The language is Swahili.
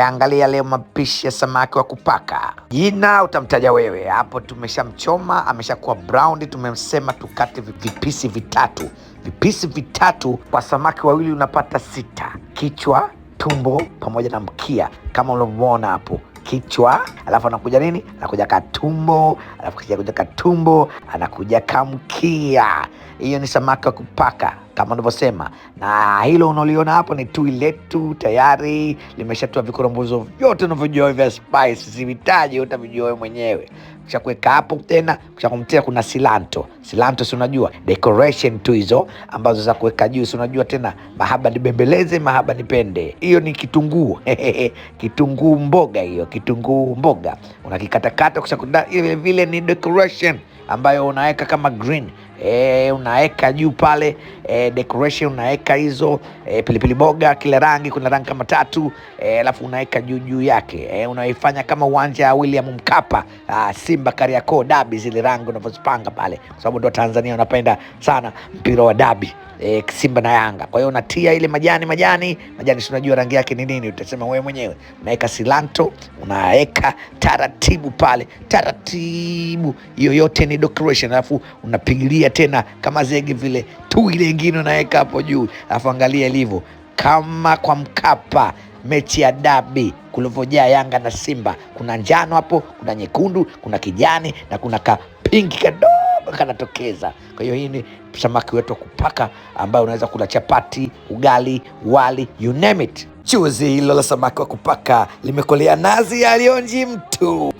Angalia leo mapishi ya samaki wa kupaka, jina utamtaja wewe hapo. Tumeshamchoma, ameshakuwa brown, tumemsema tukate vipisi vitatu. Vipisi vitatu kwa samaki wawili unapata sita: kichwa, tumbo pamoja na mkia, kama unavyomwona hapo kichwa alafu anakuja nini? Anakuja katumbo, alafu kisha kuja katumbo, anakuja kamkia. Hiyo ni samaki wa kupaka kama unavyosema, na hilo unaliona hapo ni tui letu tayari limeshatoa vikorombozo vyote unavyojua vya spice, sivitaji, utavijua wewe mwenyewe. Kisha kuweka hapo tena, kisha kumtia, kuna silanto. Silanto si unajua decoration tu hizo ambazo za kuweka juu, si unajua tena, mahaba nibembeleze, mahaba nipende. Hiyo ni kitunguu kitunguu mboga, hiyo kitunguu mboga unakikatakata, kisha vile vile ni decoration ambayo unaweka kama green eh, unaweka juu pale eh, decoration unaweka hizo eh, pilipili boga kila rangi, kuna rangi kama tatu, eh, alafu e, unaweka juu juu yake eh, unaifanya kama uwanja wa William Mkapa ah, Simba Kariakoo dabi, zile rangi unavyozipanga pale, kwa sababu ndo Tanzania unapenda sana mpira wa dabi e, Simba na Yanga. Kwa hiyo unatia ile majani majani majani, si unajua rangi yake ni nini, utasema wewe mwenyewe. Unaweka silanto, unaweka taratibu pale, taratibu, hiyo yote ni decoration, alafu unapigilia tena kama zege vile tu, ile ingine unaweka hapo juu, alafu angalia ilivyo kama kwa Mkapa mechi ya dabi kulivyojaa Yanga na Simba, kuna njano hapo, kuna nyekundu, kuna kijani na kuna kapingi kadogo kanatokeza. Kwa hiyo hii ni samaki wetu wa kupaka ambayo unaweza kula chapati, ugali, wali, you name it. Chuzi hilo la samaki wa kupaka limekolea nazi alionji mtu